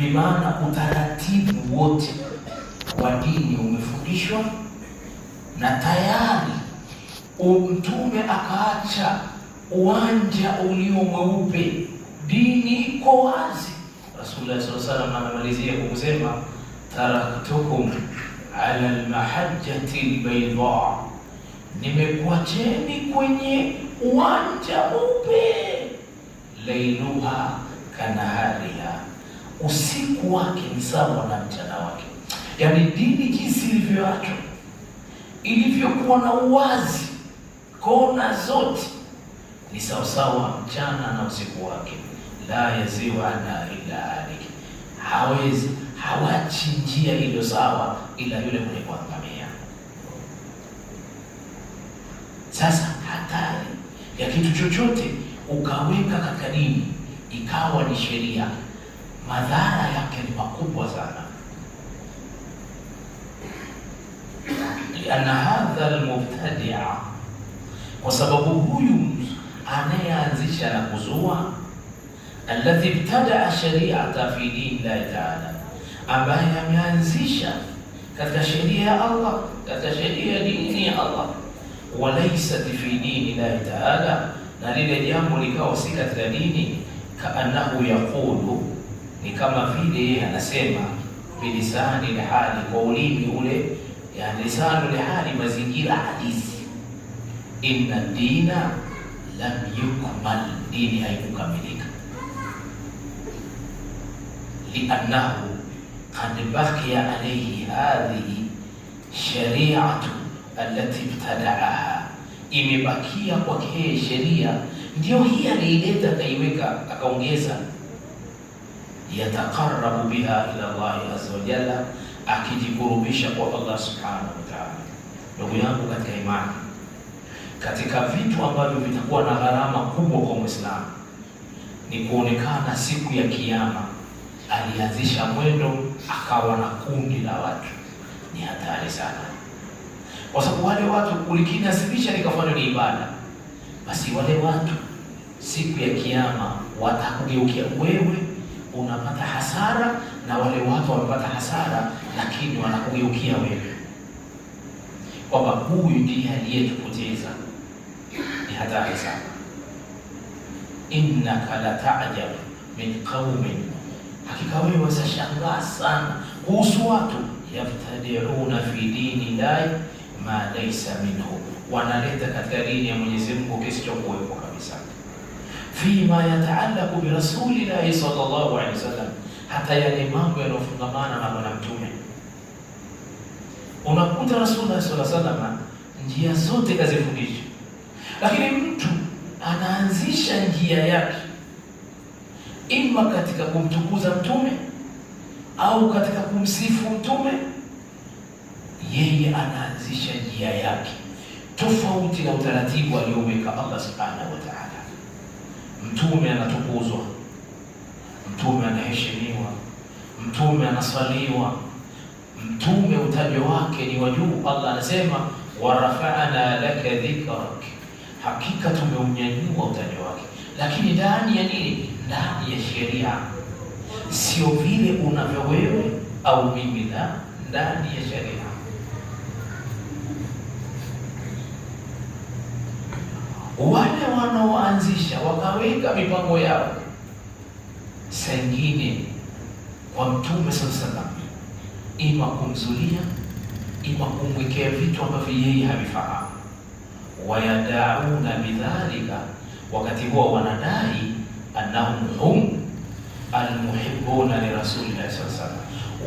Bimaana utaratibu wote wa dini umefundishwa na tayari Mtume akaacha uwanja ulio mweupe, dini iko wazi. Rasulullah sallallahu alaihi wasallam anamalizia kwa kusema taraktukum ala almahajjati albayda, nimekuacheni kwenye uwanja mweupe, lailuha kanahariha usiku wake ni sawa na mchana wake. Yaani dini jinsi ilivyoachwa, ilivyokuwa na uwazi kona zote, ni sawasawa mchana na usiku wake. la na ila aliki, hawezi hawachi njia iliyo sawa ila yule mwenye kuangamia. Sasa hatari ya kitu chochote ukaweka katika dini ikawa ni sheria madhara yake ni makubwa sana liana hadha almubtadia, kwa sababu huyu anayeanzisha na kuzua, alladhi ibtadaa shariata fi dini llahi taala, ambaye ameanzisha katika sheria ya Allah, katika sheria ya dini ya Allah, walaisat fi dini llahi taala, na lile jambo likawa si katika dini, kaannahu yaqulu ni kama vile anasema bilisani lhali, kwa ulimi ule, yani lisanu lhali, mazingira halisi. Inna dina lam yukmal, dini haikukamilika. Liannahu qad baqiya alayhi hadhihi shariatu alati ibtadaaha, imebakia kwake sheria, ndio hii aliileta akaiweka, akaongeza yatakarabu biha ila Allahi azza wa akijikurubisha kwa Allah subhanahu wataala Ndugu yangu katika imani, katika vitu ambavyo vitakuwa na gharama kubwa kwa mwislamu ni kuonekana siku ya kiama Alianzisha mwendo akawa na kundi la watu, ni hatari sana, kwa sababu wale watu ulikinasibisha likafanya ni ibada, basi wale watu siku ya kiama watakugeukia wewe unapata hasara na wale watu wamepata hasara, lakini wanakugeukia wewe kwamba huyu ndiye aliyetupoteza. Ni hatari sana. Innaka la tajabu min qaumin, hakika wewe wazashangaa sana kuhusu watu yabtadiuna fi dini llahi ma laisa minhu, wanaleta katika dini ya Mwenyezi Mungu kisichokuwepo kabisa fima yataalaku birasulillahi sallallahu alaihi wasallam, hata yale mambo yanayofungamana na bwana mtume. Unakuta Rasulullah sallallahu alaihi njia zote kazifundisha, lakini mtu anaanzisha njia yake ima katika kumtukuza mtume au katika kumsifu mtume, yeye anaanzisha njia yake tofauti na utaratibu aliyoweka Allah subhanahu wataala Mtume anatukuzwa, mtume anaheshimiwa, mtume anasaliwa, mtume utajo wake ni wa juu. Allah anasema warafana laka dhikrak, hakika tumeunyanyua utajo wake. Lakini ndani ya nini? Ndani ya sheria, sio vile unavyo wewe au mimi, na ndani ya sheria wale wakaanzisha wakaweka mipango yao. sengine kwa mtume sala salam, ima kumzulia, ima kumwekea vitu ambavyo yeye havifahamu. Wayadauna bidhalika, wakati huwa wanadai annahum hum almuhibuna lirasulillahi sala salam,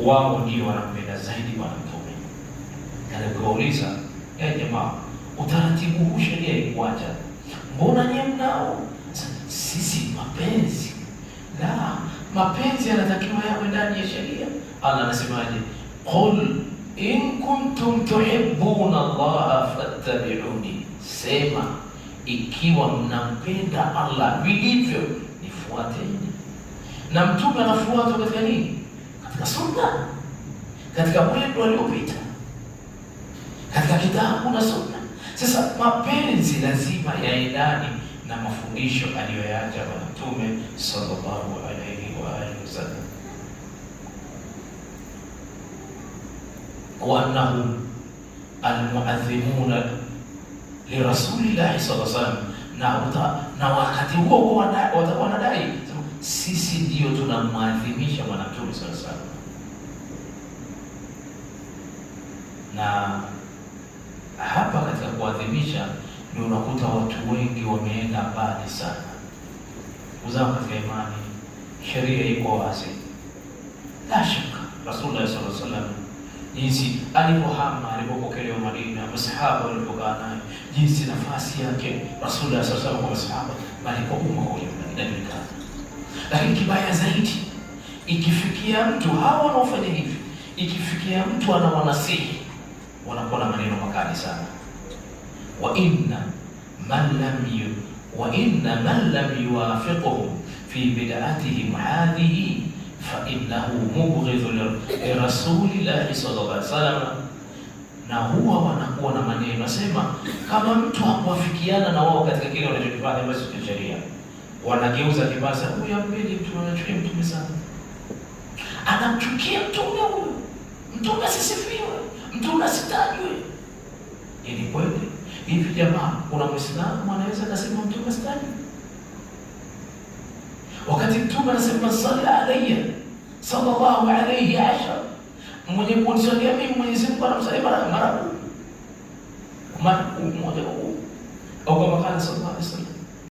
wao ndio wanampenda zaidi Bwana Mtume. Anakuwauliza, e eh, jamaa, utaratibu huu sheria ilikuacha mbona nyie mnao? Sisi mapenzi la mapenzi yanatakiwa yawe ndani ya sheria. Allah anasemaje? Qul in kuntum tuhibbuna Allah fattabi'uni, sema ikiwa mnampenda Allah vilivyo nifuateni. Na mtume anafuatwa katika nini? Katika sunna, katika wendo waliopita, katika kitabu na sunna sasa mapenzi lazima yaendane na mafundisho aliyoyaacha Bwana Mtume sallallahu alaihi wa alihi wasallam, wa annahum almuadhimuna lirasulillahi sallallahu alaihi wasallam, na wakati huo huo wanadai sisi ndio tunamwadhimisha Bwana Mtume sallallahu alaihi wasallam na kurekebisha, ndio unakuta watu wengi wameenda mbali sana. Uzao katika imani, sheria iko wazi, la shaka. Rasulullah sallallahu alaihi wasallam jinsi alipohama alipopokelewa Madina, masahaba walipokaa naye, jinsi nafasi yake Rasulullah sallallahu alaihi wasallam kwa masahaba, bali kwa umma ule Lakini kibaya zaidi, ikifikia mtu hawa wanaofanya hivi, ikifikia mtu anawanasihi, wanakuwa na maneno makali sana wa inna man lam yu wa inna man lam yuwafiqhum fi bid'atihim hadhihi fa innahu mubghidhu li rasulillahi sallallahu alaihi wasallam. Na huwa wanakuwa na maneno nasema, kama mtu hakuwafikiana na wao katika kile wanachokifanya, basi ni sheria. Wanageuza kibasa, huyu ampeli mtu, anachukia mtume sana, anamchukia mtume huyu, mtume asisifiwe, mtume asitajwe. Ili yaani kweli hivi jamaa, kuna mwislamu anaweza akasema mtume stani, wakati mtume anasema sali alayya sallallahu alayhi ashar, mwenye kunisalia mimi Mwenyezi Mungu anamsalia mara mara mara mmoja, au kama kana sallallahu alayhi wasallam